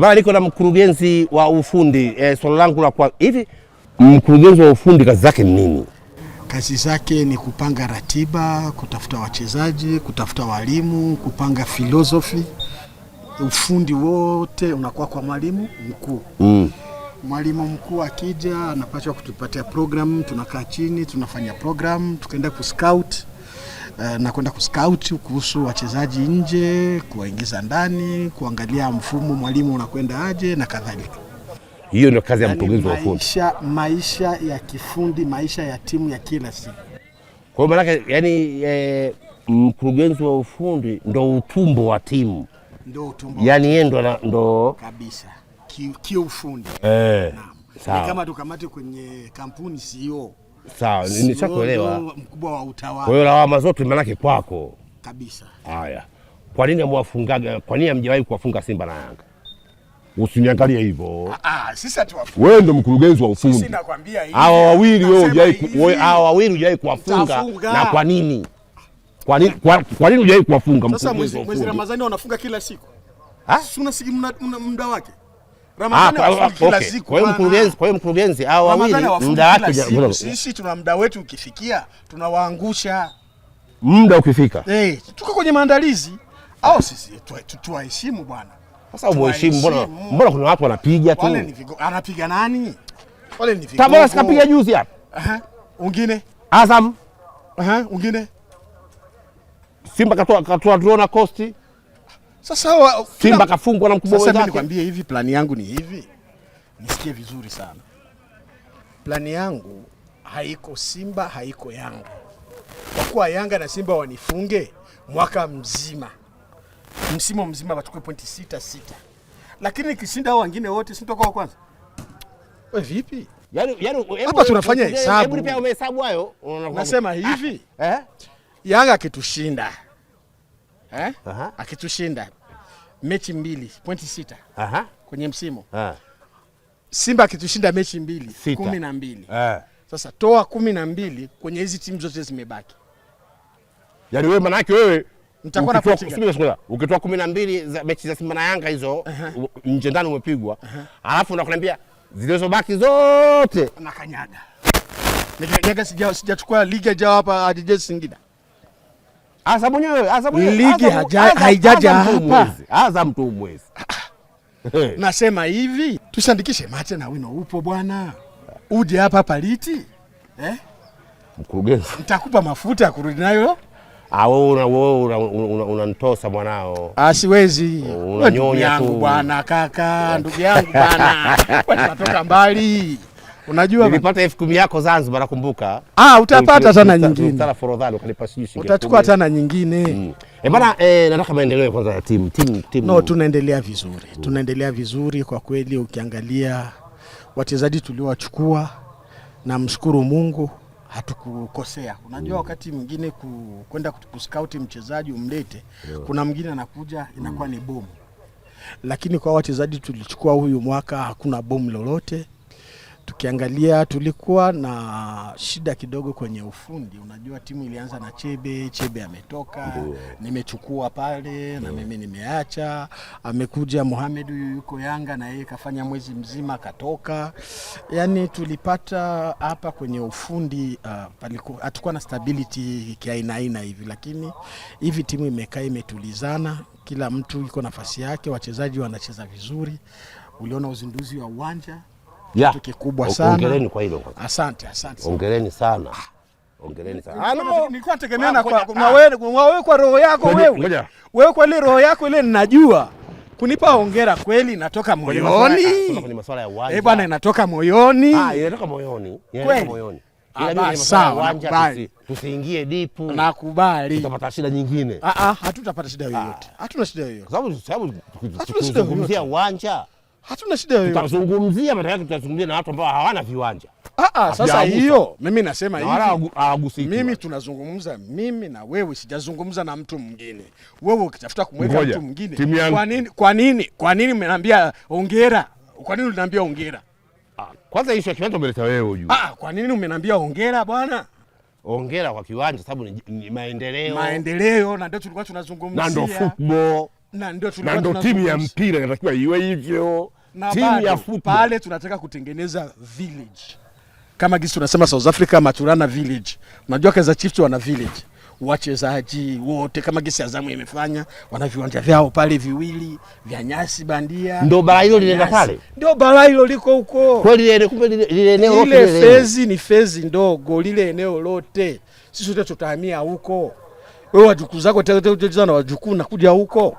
Bana, niko na mkurugenzi wa ufundi e, eh, swali langu la kwa hivi, mkurugenzi wa ufundi kazi zake ni nini? Kazi zake ni kupanga ratiba, kutafuta wachezaji, kutafuta walimu, kupanga filosofi. Ufundi wote unakuwa kwa mwalimu mkuu mm. Mwalimu mkuu akija anapaswa kutupatia program, tunakaa chini tunafanya program, tukaenda kuscout Eh, na kwenda kuscout kuhusu wachezaji nje, kuwaingiza ndani, kuangalia mfumo mwalimu unakwenda aje na kadhalika. Hiyo ndio kazi ya yaani mkurugenzi wa ufundi, maisha, maisha ya kifundi, maisha ya timu ya kila siku. Kwa hiyo maanake yani e, eh, mkurugenzi wa ufundi ndo utumbo wa timu, ndo utumbo, yani yeye ndo ndo kabisa kiufundi ki eh, kama tukamate kwenye kampuni CEO Sawa, nishakuelewa. Mkubwa wa utawala. Kwa hiyo lawama zote manake kwako kabisa. Haya, kwa nini amwafungaga? Kwa nini amjawahi kuwafunga Simba na Yanga? Usiniangalie hivyo. Ah, ah, wewe ndo mkurugenzi wa ufundi. Hawa wawili wewe, wawili hujawahi kuwafunga, na kwa nini? Kwa nini hujawahi kuwafunga? Sasa mwezi Ramadhani wanafunga kila siku, si unasikia muda wake Ah, kwa hiyo mkurugenzi hao wawili muda wake, sisi tuna muda wetu, ukifikia tunawaangusha. Muda ukifika, eh, tuko kwenye maandalizi au sisi tuwaheshimu bwana. Sasa muheshimu, mbona mbona kuna watu wanapiga tu. Anapiga nani? Wale ni vigogo. Tabora sikapiga juzi hapa. Aha. Ungine? Azam. Aha, ungine? Simba katoa katoa drone na Costi. Sasa wa, Simba kafungwa na mkubwa wake. Sasa nikwambie hivi, plani yangu ni hivi, nisikie vizuri sana. Plani yangu haiko Simba, haiko Yanga. Kwa kuwa Yanga na Simba wanifunge mwaka mzima, msimu mzima wachukue pointi sita sita, lakini nikishinda hao wengine wote wa kwanza. We vipi? Yaani yaani hapa tunafanya hesabu. Hebu nipe umehesabu hayo. Nasema hivi, ah, eh? Yanga kitushinda eh? akitushinda mechi mbili pointi sita Aha. kwenye msimu Aha. Simba akitushinda mechi mbili sita. kumi na mbili Aha. Sasa toa kumi na mbili kwenye hizi timu zote zimebaki, yaani wewe maanake wewe ukitoa kumi na mbili za mechi za Simba na Yanga hizo nje ndani umepigwa alafu nakuambia zilizobaki zote nakanyaga, sijachukua ligi ajao hapa Singida Azam mwenyewe ligi haijaja hapa. Azam tu mwezi nasema hivi tushandikishe Mate na wino upo bwana, uje hapa hapa liti eh? Mkurugenzi, nitakupa mafuta ya kurudi nayo. Ah, Unanitosa mwanao, ah, siwezi. Unanyonya tu bwana, kaka, ndugu yangu bwana, natoka mbali Unajua nilipata elfu kumi yako Zanzibar nakumbuka. Ah, utapata tana nyingine. Utapata forodhani Utachukua tena nyingine. Mm. Eh, bana eh, nataka maendeleo kwanza ya timu. Timu timu. No, tunaendelea vizuri. Mm. Tunaendelea vizuri kwa kweli ukiangalia wachezaji tuliowachukua na mshukuru Mungu hatukukosea. Unajua, mm. wakati mwingine kwenda kuskauti mchezaji umlete, kuna mwingine anakuja inakuwa mm. ni bomu, lakini kwa wachezaji tulichukua huyu mwaka hakuna bomu lolote tukiangalia tulikuwa na shida kidogo kwenye ufundi. Unajua, timu ilianza na Chebe, Chebe ametoka, nimechukua pale na mimi nimeacha. Amekuja Mohamed huyu yuko Yanga na yeye kafanya mwezi mzima akatoka. Yani tulipata hapa kwenye ufundi uh, na stability kiaina aina hivi, lakini hivi timu imekaa imetulizana, kila mtu iko nafasi yake, wachezaji wanacheza vizuri. Uliona uzinduzi wa uwanja kitu kikubwa sana. Hongereni kwa hilo. Asante, asante. Hongereni sana. Hongereni sana. Ah, nilikuwa nategemea na ah. wewe kwa wewe kwa roho yako wewe. Wewe kwa ile roho yako ile ninajua kunipa hongera kweli, natoka moyoni. Kwenye masuala ya uwanja. Eh, bwana inatoka moyoni. Ah, inatoka moyoni. Inatoka moyoni. Ah, yaani tusiingie dipu. Nakubali. Tutapata shida nyingine. Ah, ah, hatutapata shida yoyote. Hatuna shida yoyote. Kwa sababu tukizungumzia uwanja hatuna shida yoyote. Tutazungumzia matokeo, tutazungumzia na watu ambao hawana viwanja. Ah, ah, sasa hiyo mimi nasema hivi, mimi tunazungumza mimi na wewe, sijazungumza na mtu mwingine. Wewe ukitafuta kumweka mtu mwingine, kwa nini kwa nini kwa nini mnaambia ongera? Kwa nini unaniambia Ah, Kwanza hiyo kiwanja umeleta wewe ujue. Ah, kwa nini umeniambia ongera bwana? Ongera kwa kiwanja sababu ni, ni maendeleo. Maendeleo na ndio tulikuwa tunazungumzia. Na ndio football. Na ndio tulikuwa tunazungumzia. Na ndio timu ya mpira inatakiwa iwe hivyo na timu ya football pale, tunataka kutengeneza village kama gisi tunasema South Africa Maturana village. Unajua Kaizer Chiefs wana village, wachezaji wote kama gisi Azamu imefanya, wana viwanja vyao pale viwili vya nyasi bandia. Ndio bara hilo linaenda pale, ndio bara hilo liko huko, kweli kumbe lile eneo lote, lile fezi ni fezi ndogo, lile eneo lote sisi tutahamia huko. Wewe wajukuu zako tena na wajukuu nakuja huko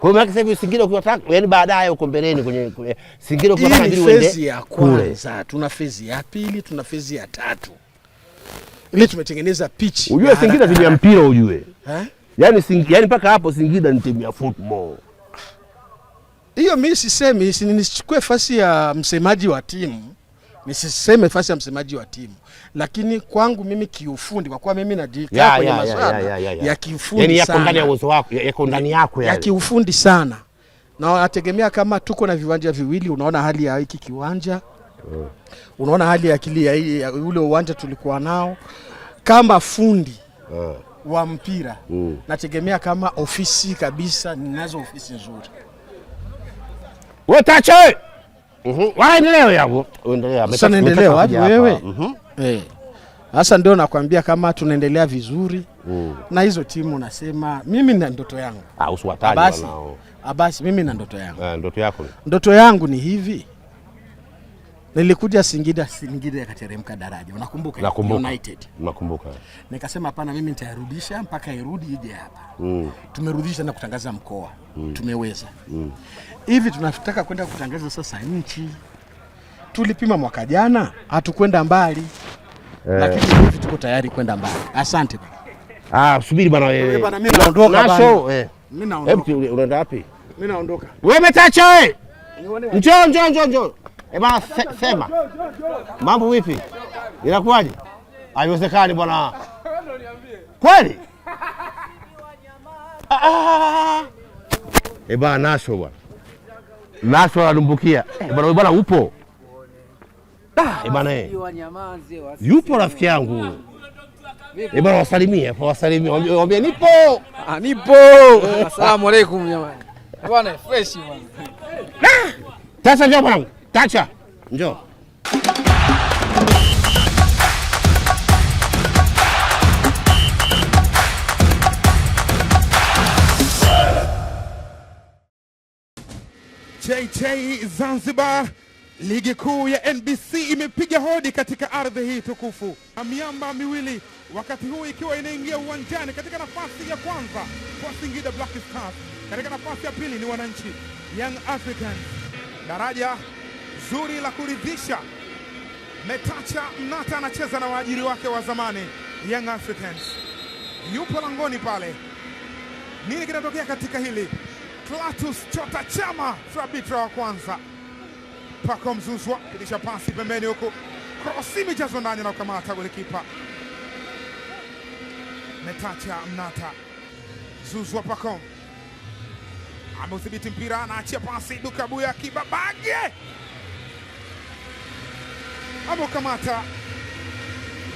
kwa maana sasa hivi Singida ukiwataka, yani baadaye huko mbeleni kwenye Singida ukiwataka ndio uende. Fezi ya kwanza, tuna fezi ya pili, tuna fezi ya tatu. Ile yaani tumetengeneza pitch. Ujue Singida timu ya mpira ujue. Eh? Yaani Singida, yani mpaka hapo Singida ni timu ya football. Hiyo mimi sisemi, nisichukue fasi ya msemaji wa timu. Nisiseme fasi ya msemaji wa timu lakini kwangu mimi kiufundi, kwa kuwa mimi najikaa kwenye masuala ya kiufundi yaani yako ndani ya uwezo wako, yako ndani yako ya kiufundi sana, na nategemea kama tuko na viwanja viwili, unaona hali ya hiki kiwanja mm. unaona hali ya akili ya, ya ule uwanja tulikuwa nao kama fundi mm. wa mpira mm. nategemea kama ofisi kabisa, ninazo ofisi nzuri wetache mhm. waendeleo yao, endelea sasa, endelea wewe? Mhm. Eh. Sasa ndio nakwambia kama tunaendelea vizuri mm. na hizo timu nasema mimi na ndoto yangu ah, ah basi abasi, mimi na ndoto yangu eh, ndoto yako, ndoto yangu ni hivi Nilikuja Singida, Singida ikateremka daraja, unakumbuka? Nakumbuka. United nakumbuka, nikasema hapana, mimi nitayarudisha mpaka irudi ije hapa mm. Tumerudisha na kutangaza mkoa mm. Tumeweza mm. hivi mm. Tunataka kwenda kutangaza sasa nchi. Tulipima mwaka jana, hatukwenda mbali. Eh. lakini hivi tuko tayari kwenda mbali. Asante bwana. Ah, subiri bwana wewe. Bwana mimi naondoka bwana. Mimi naondoka. Hebu unaenda wapi? Mimi naondoka. Wewe metacha wewe. Njoo njoo njoo njoo. Eh, bwana sema. Mambo vipi? Inakuwaje? Haiwezekani bwana. Kweli? Ah, ah, ah, eh, bwana Nasho bwana. Nasho anadumbukia. Eh, bwana upo. Ah, yupo rafiki yangu ah. eh, bana, wasalimie kwa wasalimie, waambie nipo Ah, nipo. Eh. Asalamu alaykum jamani, bwana fresh bwana. Ah, tacha njoo mwanangu, tacha njoo. JJ Zanzibar Ligi kuu ya NBC imepiga hodi katika ardhi hii tukufu, miamba miwili, wakati huu ikiwa inaingia uwanjani katika nafasi ya kwanza kwa Singida Black Stars, katika nafasi ya pili ni wananchi Young Africans. Daraja zuri la kuridhisha. Metacha Mnata anacheza na waajiri wake wa zamani Young Africans, yupo langoni pale. Nini kinatokea katika hili? platus Chota Chama, fabitra wa kwanza mpaka mzuzwa kilisha pasi pembeni huku krosi imejazwa ndani na kukamata golikipa metacha mnata zuzwa pakom ameudhibiti mpira anaachia pasi duka buya kibabage ameukamata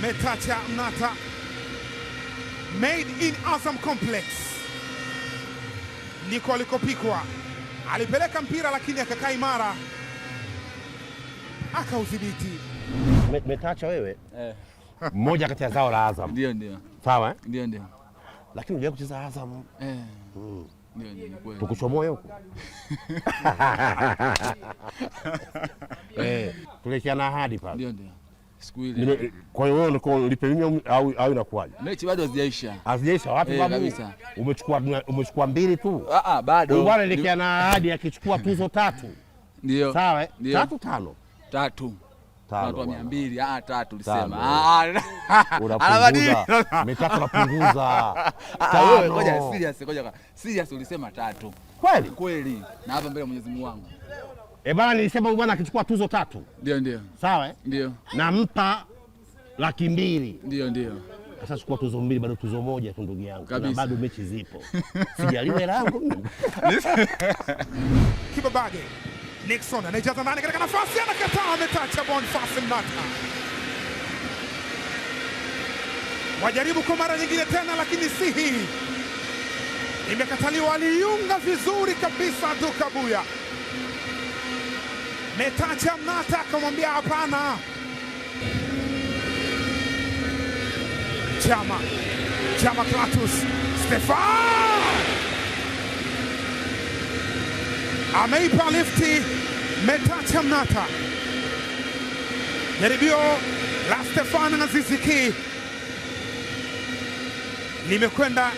metacha mnata made in Azam Complex ndiko alikopikwa, alipeleka mpira lakini akakaa imara akaudhibiti. Umetacha wewe eh. mmoja kati ya zao la Azam. Ndio, ndio. Sawa eh? Ndio, ndio. Lakini unajua kucheza Azam eh. Mm. Tukuchomoe huko Eh, tulikiana ahadi pale. Ndio, ndio. Siku ile. Kwa hiyo wewe ulikuwa mimi au au inakuwaje? Mechi bado hazijaisha. Hazijaisha wapi eh, babu? Kabisa. Umechukua umechukua mbili tu. Ah ah, bado. Bwana ilikiana ahadi akichukua tuzo tatu. Ndio. Sawa, eh? tatu tano tatu watu mia mbili ah, tatu lisema ah, ah. serious, ulisema tatu kweli kweli, na hapa mbele Mwenyezi Mungu wangu eh bana, nilisema huyu bwana akichukua tuzo tatu ndio ndio sawa, eh? ndio nampa laki mbili ndio ndio. Sasa chukua tuzo mbili, bado tuzo moja tu ndugu yangu, bado mechi zipo, sijaliwe langu kibabage Nixon anaijaza ndani katika nafasi, anakataa, ametacha Bonifasi Mnata. Wajaribu kwa mara nyingine tena, lakini si hii, imekataliwa. Aliunga vizuri kabisa Dukabuya, metacha Mnata akamwambia hapana. Chama Chama Klatus Stefan ameipa lifti Metacha Mnata. Jaribio la Stefano Aziziki limekwenda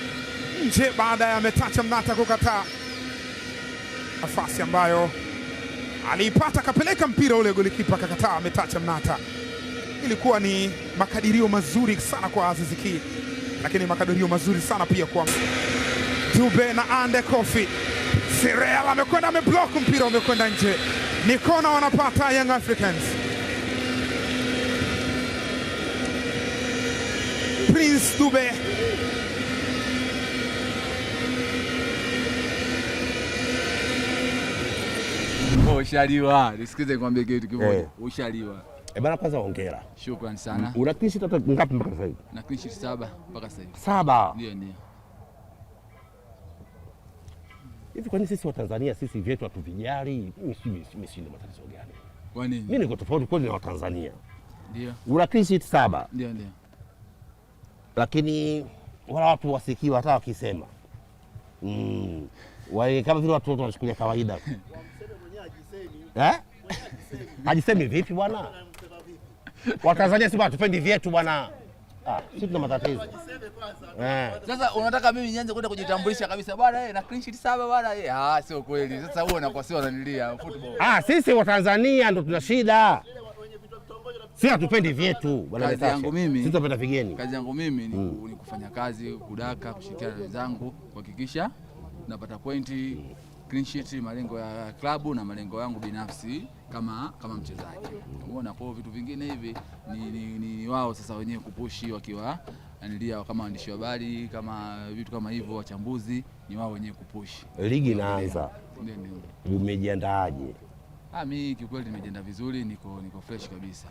nje baada ya Metacha Mnata kukataa nafasi ambayo aliipata, akapeleka mpira ule, golikipa akakataa. Metacha Mnata, ilikuwa ni makadirio mazuri sana kwa Aziziki, lakini makadirio mazuri sana pia kwa Dube na Ande Kofi. Sirel amekwenda ameblock, mpira umekwenda nje, ni kona wanapata Young Africans. Prince Dube ushaliwa, nisikize nikwambie kitu kimoja, eh. ushaliwa. Eh, bana kwanza hongera. Shukrani sana. Una clean sheet ngapi mpaka sasa hivi? Na clean sheet saba mpaka sasa hivi. Saba. Ndio, ndio. hivi. Kwani sisi Watanzania sisi vyetu hatuvijali? Mimi sina matatizo gani? Kwa nini? Mimi niko tofauti kweli na Watanzania. Ndio. Urakisi saba. Ndio, ndio. Lakini wala watu wasikiwa hata wakisema mm. Wale kama vile watu wote wanachukulia kawaida eh? Hajisemi vipi bwana? Watanzania si hatupendi vyetu bwana. Ah, sisi tuna matatizo. Eh. Sasa unataka mimi nianze kwenda kujitambulisha kabisa bwana eh na clean sheet saba bwana eh. Ah, sio kweli. Sasa kwa sio ananilia football. Ah, sisi wa Tanzania ndo tuna shida. Sisi hatupendi vyetu bwana. Kazi yangu mimi. Sisi tunapenda vigeni. Kazi yangu mimi ni, hmm. ni kufanya kazi, kudaka, kushirikiana na wenzangu, kuhakikisha napata pointi hmm clean sheet, malengo ya klabu na malengo yangu binafsi kama kama mchezaji. Unaona, kwa vitu vingine hivi ni, ni, ni wao sasa wenyewe kupushi wakiwa anilia kama waandishi wa habari kama vitu kama hivyo, wachambuzi ni wao wenyewe kupushi. Ligi inaanza, umejiandaaje? Ah, mimi kiukweli nimejiandaa vizuri, niko niko fresh kabisa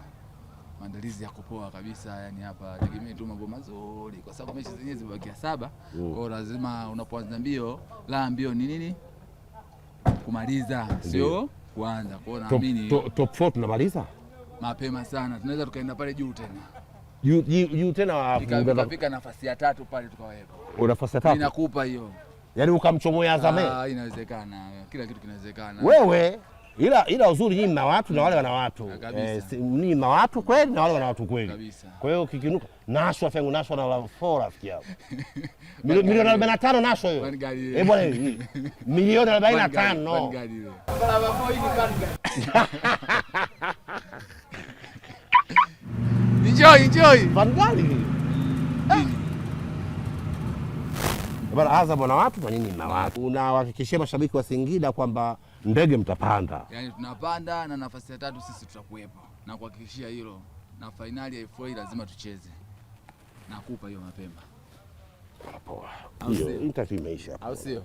maandalizi ya kupoa kabisa, yani hapa tegemee tu mambo mazuri, kwa sababu mechi zenyewe zimebakia saba. Mm. Kwa lazima unapoanza mbio la mbio ni nini kumaliza, sio kuanza. Kwa hiyo naamini top, top 4 tunamaliza mapema sana, tunaweza tukaenda pale juu tena juu juu tena tukafika nafasi ya tatu pale tukaweka. Nafasi ya tatu inakupa hiyo, yaani ukamchomoa Azam. Ah, inawezekana, kila kitu kinawezekana wewe ila ila uzuri nyinyi mna watu na wale wana watu eh, ni mna watu kweli na wale wana watu kweli. Kwa hiyo kikinuka nashwa fengu nashwa na lafora rafiki yao milioni arobaini na tano nashwa hiyo eh bwana, milioni arobaini na tano enjoy enjoy vangali eh. bwana Azam wana watu kwa nini mna watu. Unahakikishia mashabiki wa Singida kwamba ndege mtapanda, yani tunapanda na nafasi ya tatu sisi tutakuwepo, na kuhakikishia hilo, na fainali ya FA lazima tucheze. Nakupa hiyo mapema. Poa, hiyo interview imeisha, au sio?